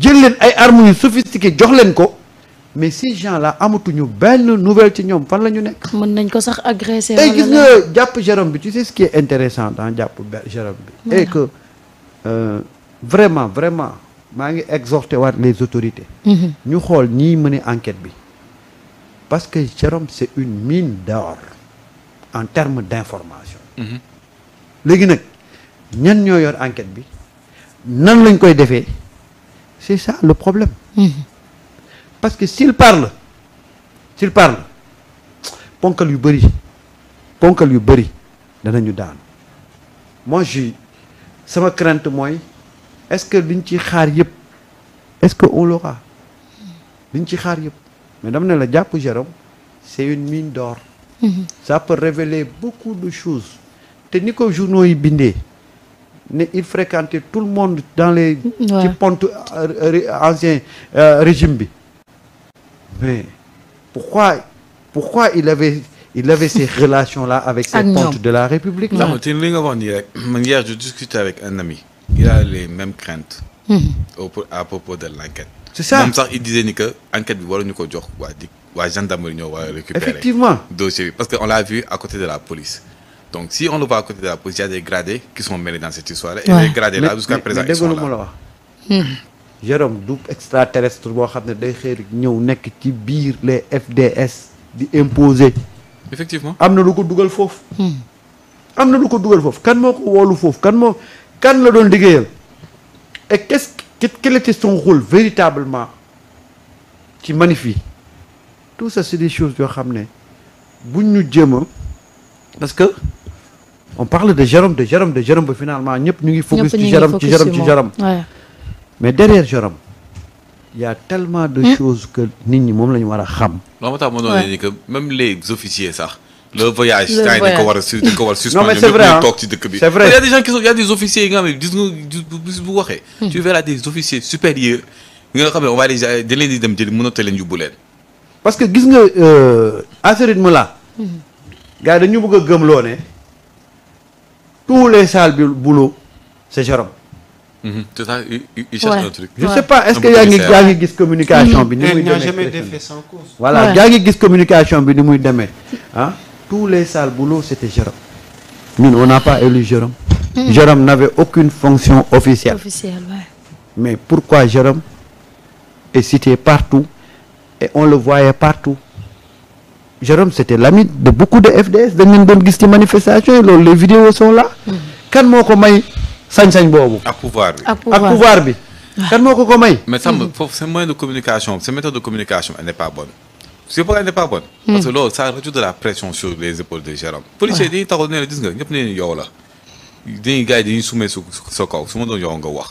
jël leen ay armes yu sophistiquées jox leen ko mais ces gens là amatuñu benn nouvelle ci ñoom fan la ñu nekk. mën nañ ko sax agressé. tey gis jàpp Jérôme bi tu sais ce qui est intéressant dans jàpp Jérôme bi. et que euh, vraiment vraiment maa ngi exhorté war les autorités. Mhm. ñu xool ñiy mener enquête bi. parce que Jérôme c'est une miine d'or en termes d'information. Mhm. léegi nag ñan ñoo yor enquête bi nan lañ koy defee. C'est ça le problème. Mhm. Parce que s'il parle s'il parle ponkal yu bëri ponkal yu bëri danañu daanu moi je sama crainte mooy est-ce que liñ ci xaar yëpp est-ce que on l'aura liñ ci xaar yëpp mais dama ne la jàpp Jérôme c'est une mine d'or. Mmh. ça peut révéler beaucoup de choses te ni ko journaux yi bindee. ne il fréquentait tout le monde dans les ci ponte euh, ancien euh, régime bi mais pourquoi pourquoi il avait il avait ces relations là avec ces pontes de la République là tin li nga wax nii rek man hier je discutais avec un ami il a les mêmes craintes mm-hmm. au à propos de l'enquête c'est ça moom sax il disait ni que enquête bi waruñu ko jox waa di waa gendarmerie ñoo war a récupérer effectivement dossier bi parce que on l'a vu à côté de la police donc si on le voit à côté de la police il y a des gradés qui sont mêlés dans cette histoire là. et ouais. les gradés là jusqu'à présent ils sont là mais dégg la wax. Jérôme hmm. du extraterrestre boo xam ne day xëy ñëw nekk ci biir les FDS di imposer. effectivement am na lu ko dugal foofu. Hmm. am na lu ko dugal foofu kan moo ko woolu foofu kan moo kan la doon liggéeyal et qu'est-ce quel était son rôle véritablement ci manif yi tout ça c'est des choses yoo xam ne buñ ñu jéem a parce que. on parle de Jérôme de Jérôme de Jérôme ba finalement ñëpp ñu ngi focus ci Jérôme ci Jérôme ci mais derrière Jérôme il y tellement de hmm? choses que nit ñi moom la ñu war a xam loo ma tax moo doon ni que même les officiers sax le voyage a war a suspendre ñëpp ñu toog ci dëkk bi c'est vrai il y a des yi nga xam gis nga bis bu waxee hmm. tu verras des officiers supérieurs yi nga xam ne leen di dem jël mën a leen yóbbu leen parce que gis nga à ce rythme là gars yi dañu bëgg a gëmloo ne tous les sales boulots c'est Jérôme. Mm-hmm. c'est ça il cherche pas est-ce que yaa ngi yaa ngi gis communication bi. ni muy demee sans cause. voilà yaa ngi gis communication bi ni muy demee ah tous les sales boulots c'était Jérôme. ñun on n'a pas élu Jérôme. Hmm. Jérôme n'avait aucune fonction officielle. officielle mais pourquoi Jérôme est cité partout et on le voyait partout. Jérôme c'était l'ami de beaucoup de FDS dañ doon gis ci manifestation yi loolu les vidéos sont là kan moo ko may sañ-sañ boobu ak pouvoir bi ak pouvoir bi kan moo ko ko may mais Samba foofu seen moyen de communication seen méthode de communication elle n'est pas bonne c'est pourquoi elle n'est pas bonne hmm. parce loolu ça rajoute de la pression sur les épaules de Jérôme policier dañuy taxaw ne la gis nga ñëpp ne yow la dañuy gars yi dañuy sumee su sa kaw su ma doon yow nga wax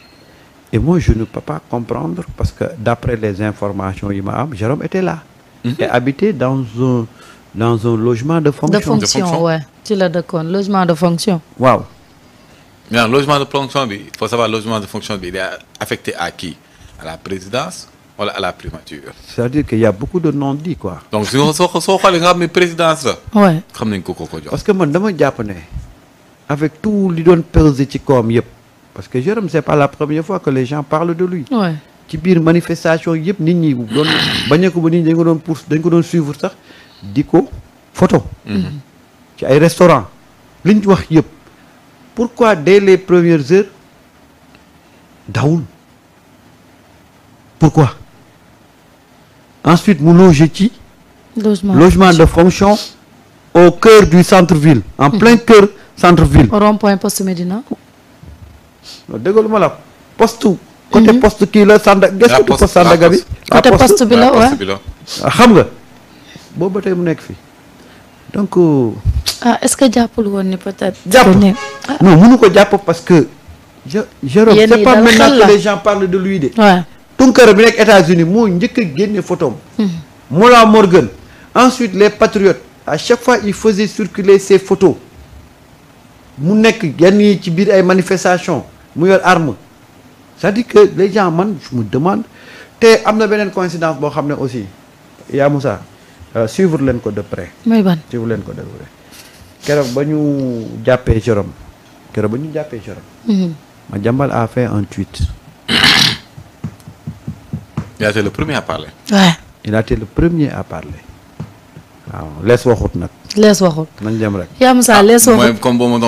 Et moi, je ne peux pas comprendre parce que d'après les informations yi ma am, Jérôme était là. Mm -hmm. Et habitait dans un logement de fonction. de fonction waaw ci la dëkkoon logement de fonction. waaw. mais logement de fonction bi il faut savoir logement de fonction à qui la présidence wala à la primature. c'est-à-dire que y a beaucoup de non-dits xam nañ ko ko parce que man dama jàpp ne avec tout li doon peser ci koom yëpp. parce que Jérôme c'est pas la première fois que les gens parlent de lui ci biir manifestation yëpp nit ñi doon ba nit ñi dañ ko doon pour dañ ko doon suivre sax di ko photo mhm. ci ay restaurant li ñu wax yëpp pourquoi dès les premières heures dawul pourquoi ensuite mu loge ci logement, de fonction au cœur du centre-ville en mhm. plein cœur centre-ville non déglu ma la poste. côté mhm. poste kii la Sandaga gëstu poste Sandaga bi. côté poste bi la waaw ah, xam nga boobu mu nekk fii donc. Euh, ah est-ce que jàppul woon ni peut-être. jàpp ah. non mënu ko jàpp parce que. je Jérôme c'est pas maintenant que les gens de lui de. waaw Tunkara bi nekk États-Unis moo njëkk a génne photom mhm. Mola Morgan ensuite les patriotes à chaque fois il faisait circuler ses photos. mu nekk yenn yi ci biir ay manifestation mu yor arme cest di que les gens man je mu demande te am na beneen coïncidence boo xam ne aussi yaa Moussa euh, suivre leen ko de près mooy ban suivre leen ko de près keroog ba ñu jàppee Jérôme keroog ba ñu jàppee Jérôme mhm. ma jàmbal a fait un tweet il a été le premier à parler ouais. il a le premier à parler waaw lees waxut nag lees waxul. nañ dem rek. yaa Moussa ah, lees waxul mooy comme boo ma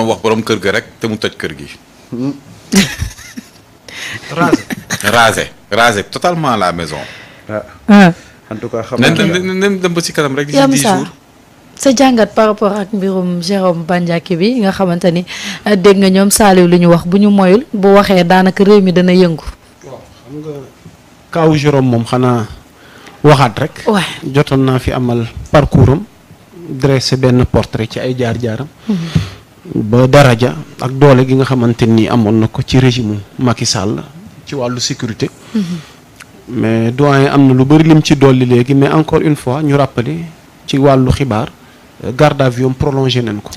kër ga rek te mu kër gi. rasé. rasé totalement la maison. Ah. Ah. en tout cas xam nañ dem ba rek. yaa Moussa sa jàngat par rapport ak mbirum Jérôme Bandiaky bi nga xamante ni dégg nga ñoom Saliou lu ñu wax bu ñu moyul bu waxee daanaka réew mi dana yëngu. waaw xam moom xanaa waxaat rek. waaw naa fi amal parcours am. dressé benn portrait ci ay jaar-jaaram mm-hmm. ba daraja ak doole gi nga xamante ni amoon na ko ci régime Macky Sall ci wàllu sécurité mm-hmm. mais doyen am na lu bëri lim ci dolli léegi mais encore une fois ñu rappeler ci wàllu xibaar garde à vue prolongé nañ ko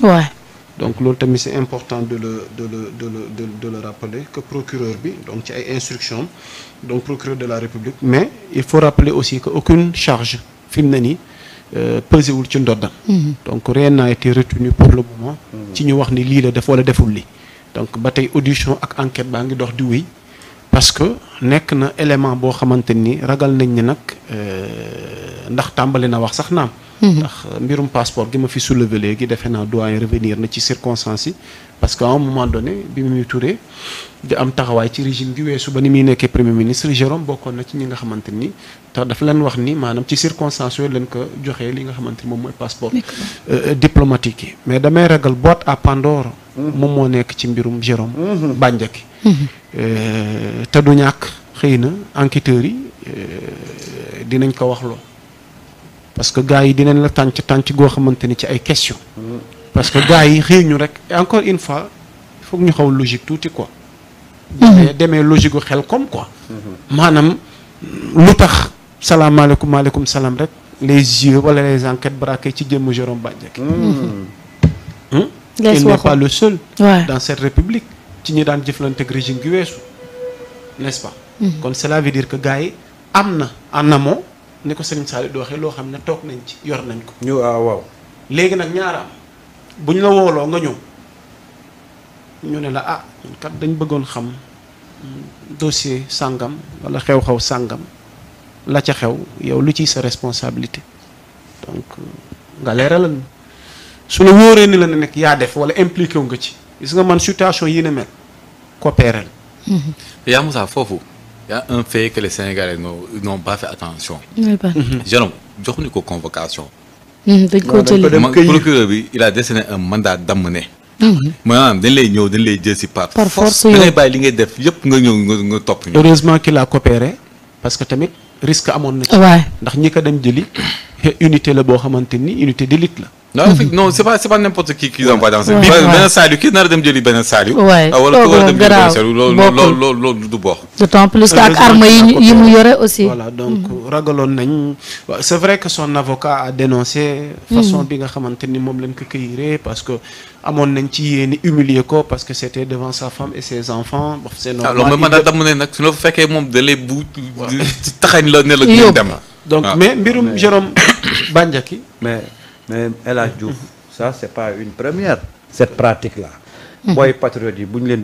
donc loolu tamit c'est important de le de le de le de, de le rappeler que procureur bi donc ci ay instructions donc procureur de la République mais il faut rappeler aussi que aucune charge fi mu nii Euh, pesé wul ci ndoddam mhm. donc rien n'a été retenu pour le ci ñu wax ni lii la def wala deful li donc ba tey audition ak enquête baa ngi dox di wuy parce que nekk na élément boo xamante ni ragal nañ ni nag euh, ndax tàmbali na wax sax naam ndax mbirum passeport gi ma fi soulever léegi defe naa doyen revenir na ci circonstances yi parce que à un moment donné bi muy turee di am taxawaay ci régime gi weesu ba ni muy nekkee premier ministre Jérôme bokkoon na ci ñi nga xamante ni tax daf leen wax ni maanaam ci circonstances yooyu leen ko joxee li nga xamante ni moom mooy passeport euh, diplomatique yi mais damay ragal boîte à moom moo nekk ci mbirum Jérôme mhm. Bandiaky mhm. euh, te du ñàkk xëy na enquêteurs yi euh, dinañ ko wax loo parce que gars yi dinañ la tànc tànc goo xamante ni ci ay question parce que gars yi xëy ñu rek encore une fois foog ñu xaw logique tuuti quoi. mais mhm. demee logique xel comme quoi. maanaam lu tax salaamaaleykum maaleykum salaam rek les yeux wala les enquêtes braquées ci jëmm Jérôme Bandiaky. Mhm. Hmm? il n'est dans cette république ci ñu daan jëflanteeg régime gi weesu n'est-ce pas. Mhm. kon cela dire que gars yi am na en amont ni ko sëriñ Saliou di waxee loo xam ne toog nañ ci yor nañ ko. ñu waaw ah, waaw. léegi nag ñaara bu ñu la wooloo nga ñëw ñu ne la ah kat dañ bëggoon xam dossier sàngam wala xew-xew sàngam la ca xew yow lu ciy sa responsabilité donc nga leeralal ñu su la wóoree ni la ne nekk yaa def wala impliqué wu nga ci gis nga man situation yi ne mel coopérer. yaa Moussa foofu. y a un fait que les Sénégalais n'ont pas fait attention. Mhm. Mhm. Jérôme joxuñu ko convocation. Mhm, dañ ko jëlee bi il a man daa mandat ne ah maanaam dañ lay ñëw dañ lay jël si par. par force da ngay bàyyi li ngay def yëpp nga ñëw nga nga topp ñu. heureusement qu'il a coopéré parce que tamit risque amoon na ci. ndax ñi ko dem jëli unité la boo xamante ni unité d'élite la. non non c'est pas c'est pas n'importe qui qui envoie ah, oh, ragaloon nañ c'est vrai que son avocat hmm. bi nga xamante ni moom lañ ko cueillir parce que amoon nañ ci yéen humilier ko parce que c'était devant sa femme et ses ah, ne nag la fekkee moom dalee bu taxañ la ne la ñu dem donc ah. mais mbirum Jérôme Bandiaky mais mais El Hadj Diouf ça c'est pas une première cette pratique-là mhm. booy patriote yi bu ñu leen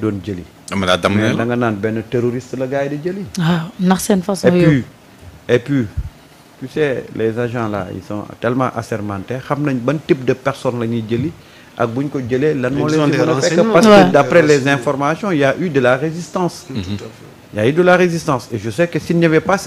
mais da nga naan benn terroriste la gars yi di jëli waaw ah, ndax seen façon et et puis tu sais les agents là ils sont tellement assermentés xam nañ ban type de personne la ñuy jëli ak bu ñu ko jëlee lan moo leen si mën parce que d'après les informations il y a eu de la résistance mhm. il y a eu de la résistance et je sais que s'il n'y avait pas